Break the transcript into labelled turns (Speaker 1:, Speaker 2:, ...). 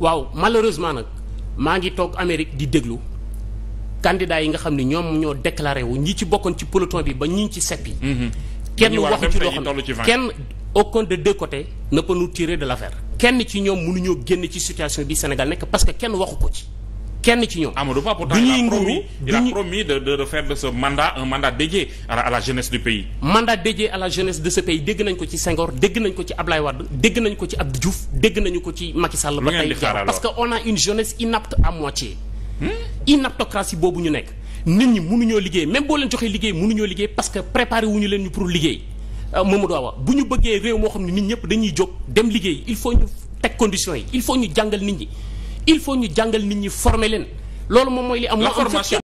Speaker 1: waaw malheureusement nag maa ngi toog Amérique di déglu candidats yi nga xam ne ñoom ñoo déclaré wu ñi ci bokkoon ci peloton bi ba ñi ci seppi. Mhm.
Speaker 2: kenn waxu ci loo xam ne kenn
Speaker 1: aucun de deux côtés ne peut nous tirer de l'affaire. kenn ci ñoom mënuñoo génn ci situation bi Sénégal nekk parce que kenn waxu ko ci. kenn ci ñoom. Amadou Ba pourtant il a promis
Speaker 2: il a promis de de faire de ce mandat un mandat dédié à la à la jeunesse du pays.
Speaker 1: mandat dédié à la jeunesse de ce pays dégg nañ ko ci Senghor dégg nañ ko ci Ablaye Wade dégg nañ ko ci Abdou Diouf dégg nañu ko ci Macky Sall. ba tey parce que on a une jeunesse inapte à moitié. Hmm? inaptocratie boobu ñu nekk nit ñi mënuñoo liggéey même boo leen joxee liggéey mënuñoo liggéey parce que préparé wuñu leen ñu pour liggéey euh, Mamadou Awa bu ñu bëggee réew moo xam ne nit ñëpp dañuy jóg dem liggéey il faut ñu teg conditions yi il faut ñu jàngal nit ñi il faut ñu jàngal nit ñi former leen loolu moom mooy li am. moo am